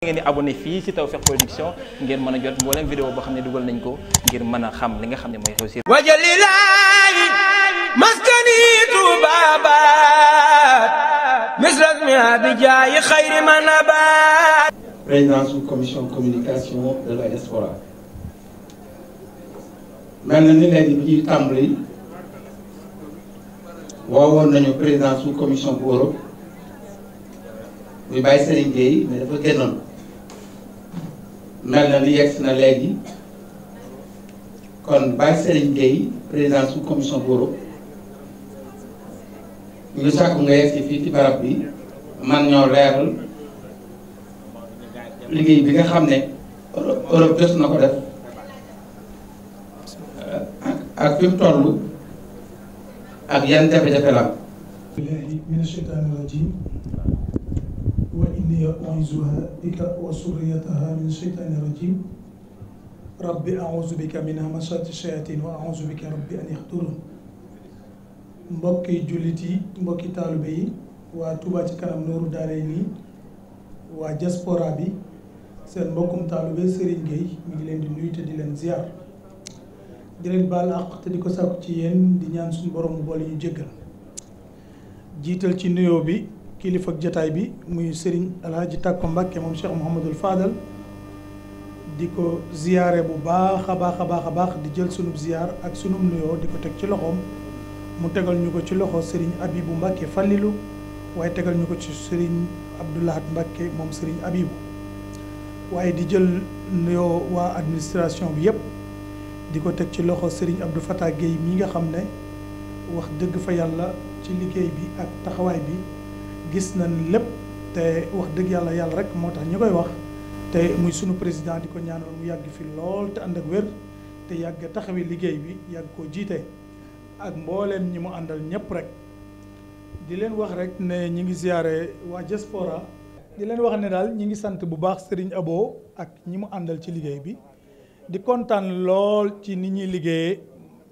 ngeen di abonné fii ci Tawfekh Production ngeen mën a jot mboolem vidéo boo xam ne dugal nañ ko ngir mën a xam li nga xam ne mooy xew ci wajalilaahi maskanitu baabaat misrasmi abijaayi xayri mel na ni léegi bi ñuy tàmbali woowoon nañu président sous commission bu Europe muy bàyyi Serigne Gueye mais dafa génnoon mel na ni yegg na léegi kon Baye Serigne Gueye président sous commission bureau ñu sàkku nga yegg si fii ci barab bi man ñoo leeral liggéey bi nga xam ne Europe jot na ko def ak fi mu toll ak yan jafe-jafe la. billahi mina shaytaani rajim wa inni u'iizuhaa bika wa surriyatahaa min shaytaani rajiim rabbi a'uuzu bika min hamazaati shayaatiin wa a'uuzu bika rabbi an yahduruun mbokki jullit yi mbokki taalibe yi waa Touba ci kanam nooru daaray nii waa diaspora bi seen mbokkum taalibe Serigne Gueye ngi leen di nuyu te di leen ziar di leen baal àq te di ko sàkku ci yéen di ñaan suñu borom boole ñu jéggal jiital ci nuyoo bi kilifa jataay bi muy Serigne Alhaji Tàkko Mbàkke moom Cheikh Mouhamadul Fadal di ko ziyaare bu baax a baax a baax a baax di jël sunub ziyaar ak sunub nuyoo di ko teg ci loxoom mu tegal ñu ko ci loxo Serigne Abibu Mbàkke Fàllilu waaye tegal ñu ko ci Serigne Abdoulahat Mbàkke moom Serigne Abibu waaye di jël nuyoo waa administration bi yépp di ko teg ci loxo Serigne Abdou Fatah Guèye mi nga xam ne wax dëgg fa yàlla ci liggéey bi ak taxawaay bi gis nañ lépp te wax dëgg yàlla yàlla rek moo tax ñu koy wax te muy sunu président di ko ñaanal mu yàgg fi lool te ànd ak wér te yàgg taxawi liggéey bi yàgg koo jiite ak mbooleen ñi mu àndal ñëpp rek di leen wax rek ne ñi ngi siyaare waa diaspora di leen wax ne daal ñi ngi sant bu baax Serigne Abo ak ñi mu àndal ci liggéey bi di kontaan lool ci ni ñuy liggéeyee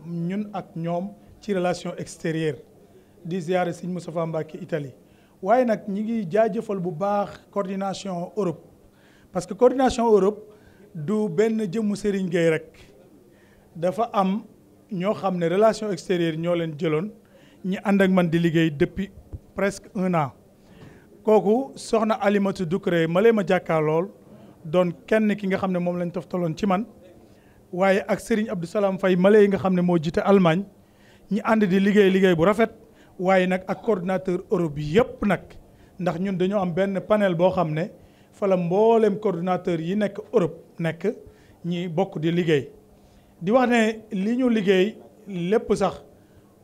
ñun ak ñoom ci relation extérieur di ziyaare Serigne Moustapha Mbacké Italie waaye nag ñi ngi jaajëfal bu baax coordination Europe parce que coordination Europe du benn jëmmu Serigne géey rek dafa am ñoo xam ne relation extérieure ñoo leen jëloon ñi ànd ak man di liggéey depuis presque un an kooku soxna Alimatu Ducré ma ma jàkkaar lool doon kenn ki nga xam ne moom lañ toftaloon ci man waaye ak Serigne Abdou Salam Faye ma lee yi nga xam ne moo jiite Allemagne ñi ànd di liggéey liggéey bu rafet waaye nag ak coordinateur Europe bi yëpp nag ndax ñun dañoo am benn panel boo xam ne fa mbooleem coordinateur yi nekk Europe nekk ñi bokk di liggéey di wax ne li ñu liggéey lépp sax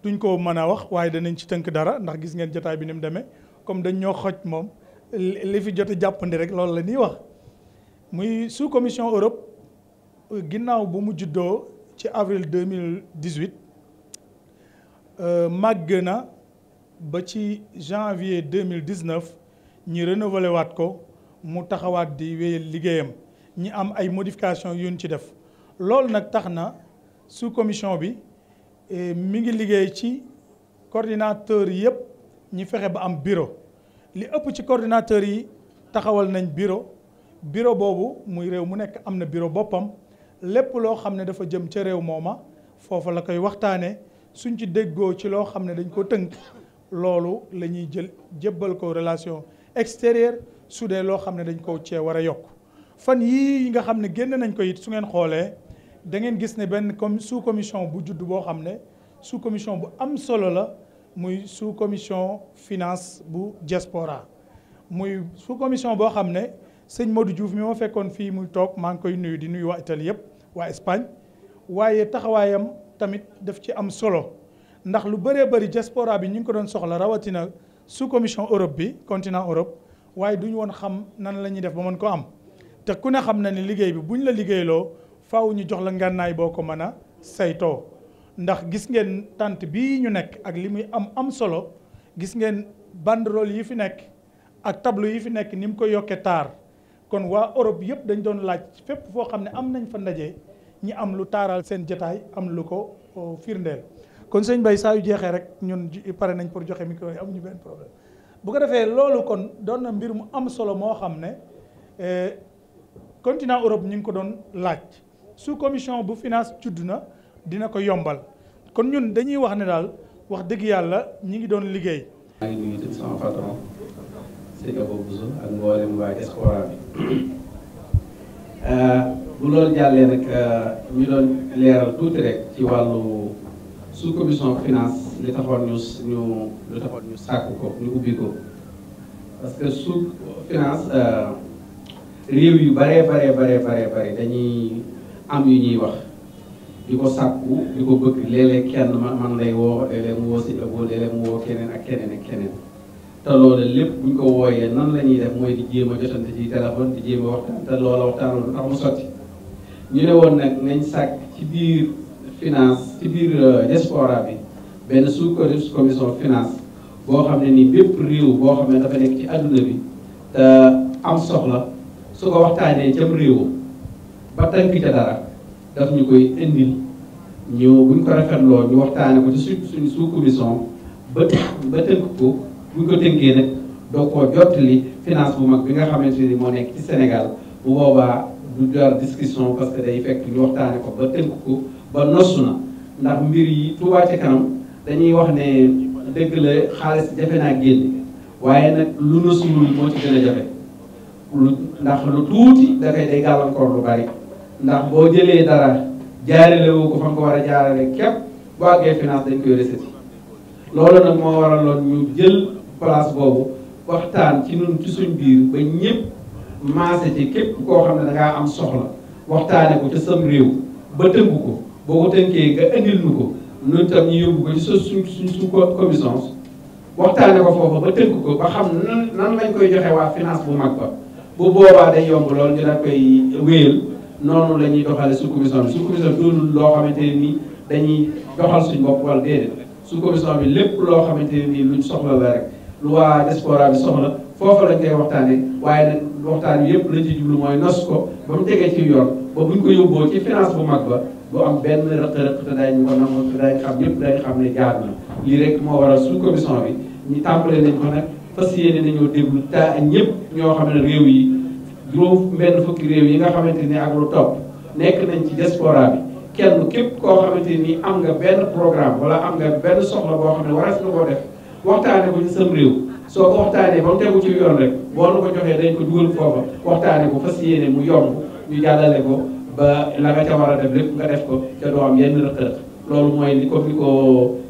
duñ ko mën a wax waaye danañ ci tënk dara ndax gis ngeen jotaay bi ni demee comme dañ ñoo xoj moom li fi jot jàppandi rek loolu la ñuy wax muy sous commission Europe ginnaaw bu mu juddoo ci avril 2018 euh, màgg na ba ci janvier deux mille dix neuf ñi renouvelé waat ko mu taxawaat di wéyal liggéeyam ñi am ay modification yuñ ci def loolu nag tax na sous commission bi eh, mi ngi liggéey ci coordinateur yëpp ñi fexe ba am bureau li ëpp ci coordinateur yi taxawal nañ bureau bureau boobu muy réew mu nekk am na bureau boppam lépp loo xam ne dafa jëm ca réew mooma foofa la koy waxtaanee suñ ci déggoo ci loo xam ne dañ ko tënk loolu la ñuy jël jébbal ko relation extérieure su dee loo xam ne dañ ko cee war a yokk fan yii nga xam ne génn nañ ko it su ngeen xoolee da ngeen gis ne benn comme sous commission bu judd boo xam ne su commission bu am solo la muy sous commission finance bu diaspora muy sous commission boo xam ne sëñ Modou Diouf mi ma fekkoon fii muy toog maa ngi koy nuyu di nuyu waa Italie yëpp waa Espagne waaye taxawaayam tamit daf ci am solo ndax lu bëree bari diaspora bi ñu ngi ko doon soxla rawatina sous commission Europe bi continent Europe waaye du ñu woon xam nan la ñuy def ba mën ko am te ku ne xam na ni liggéey bi bu ñu la liggéeyloo faw ñu jox la ngànnaay boo ko mën a saytoo ndax gis ngeen tànt bii ñu nekk ak li muy am am solo gis ngeen banderole yi fi nekk ak tableau yi fi nekk ni mu ko yokkee taar kon waa Europe yëpp dañ doon laaj fépp foo xam ne am nañ fa ndaje ñi am lu taaral seen jataay am lu ko oh, firndeel kon sëñ Bay saa yu jeexee rek ñun pare nañ pour joxe micro yi amuñu benn problème bu ko defee loolu kon doon na mbir mu am solo moo xam ne eh, continent Europe ñu ngi ko doon laaj su commission bu finance judd na dina ko yombal kon ñun dañuy wax ne daal wax dëgg yàlla ñu ngi doon liggéey. maa ngi nuyu sama patron eh, loolu jàllee nag eh, ñu doon leeral tuuti rek ci wàllu. sous commission finance li taxoon ñu ñu li taxoon ñu ko ñu ubbi ko parce que sous finance euh, réew yu baree baree baree baree bare dañuy am yu ñuy wax ñu ko sàkku ñu ko bëgg léeg kenn man man lay woo léeg woo si ëboo léeg-léeg mu woo keneen ak keneen ak keneen te loolu lépp bu ñu ko wooyee nan lañuy ñuy def mooy di jéem a jotante ci téléphone di jéem a waxtaan te loola waxtaanul tax mu sotti ñu ne woon nag nañ sàkk ci biir finance ci biir euh, diaspora bi benn sous commission finance boo xam ne ni bépp réew boo xam ne dafa nekk ci àdduna bi te euh, am soxla su ko waxtaanee jëm réewam ba ca dara daf ñu koy indil ñu ko rafetloo ñu waxtaanee ko ci suñ suñ sous commission ba ba tënk ko buñ ko finance bu mag bi nga xamante ni moo nekk ci Sénégal bu boobaa du jar discussion parce que day fekk ñu waxtaanee ko ba tënk ko. ba nosu na ndax mbir yi Touba ca kanam dañuy wax ne dëgg la xaalis jafe naa génne waaye nag lu nosu lu moo ci jafe lu ndax lu tuuti dafay day gàllankoor lu bari ndax boo jëlee dara jaarale woo ko fa nga war a jaarale képp boo àggee finance dañ koy recette loolu nag moo waraloon ñu jël place boobu waxtaan ci ñun ci suñ biir ba ñëpp maase ci képp koo xam ne da am soxla waxtaane ko ci sam réew ba tëngu ko boo ko tënkee nga indil nu ko loolu tam ñu yóbbu ko ci sa su suñ su commission waxtaane ko foofa ba tënk ko ba xam nan nan lañ koy joxe waa finance bu mag ba bu boobaa day yomb lool ñu daal koy wéyal noonu la ñuy doxale su commission bi su commission bi doonul loo xamante ne nii dañuy doxal suñ bopp wala déedéet su commission bi lépp loo xamante ne nii luñ soxla la rek lu waa diaspora bi soxla foofa lañ koy waxtaane waaye nag waxtaan bi yëpp lañ ci jublu mooy nos ko ba mu tegee yoon ba buñ ko yóbboo ci finance bu mag ba du am benn rëq-rëq te daañu ko nangu te xam ñëpp daañu xam ne jaar na lii rek moo waral sous commission bi ñu tàmbale nañ ko nag fas yéene nañoo déglu ta ñëpp ñoo xam ne réew yi juróom benn fukki réew yi nga xamante ni ak lu topp nekk nañ ci diaspora bi kenn képp koo xamante ni am nga benn programme wala am nga benn soxla boo xam ne waras na koo def waxtaane ko ci sam réew soo ko waxtaanee ba mu tegu ci yoon rek boo nu ko joxee dañ ko dugal foofa waxtaane ko fas yéene mu yomb ñu jàllale ko ba la nga ca war a def nga def ko ca doo am rëq-rëq loolu mooy li comme ni ko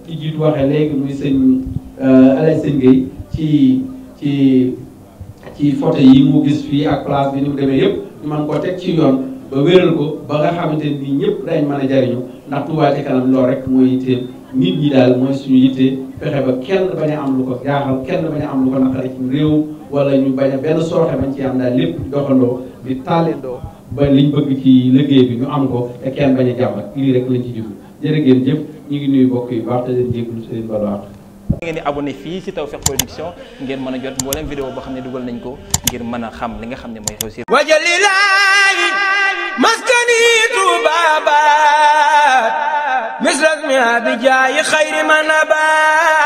ki jiitu waxee léegi muy sëñ euh, Alaaj Sëñ Gueye ci ci ci photo yi mu gis fii ak place bi ni mu demee yëpp ñu mën koo teg ci yoon ba wéral ko ba nga xamante ni ñëpp dañ mën a jariñu ndax Touba ci kanam loolu rek mooy yitte nit ñi daal mooy suñu yitte fexe ba kenn bañ a am lu ko jaaxal kenn bañ a am lu ko naqare ci réew walla ñu bañ a benn sooxe bañ ci am daal lépp doxandoo di do ba liñ bëgg ci liggéey bi ñu am ko te kenn bañ a jàmbat rek lañ ci jublu jërë ngeen jëf ñu ngi nuyu mbokk yu baax te leen jéggalu si leen balu àq ngeen fii si Tawfekh Production ngeen mën a jot mboolem vidéo boo xam ne dugal nañ ko ngir mën a xam li nga xam ne mooy xew si wajalilaahi maskanitu baabaat misras mi abi jaayi xayri ma nabaat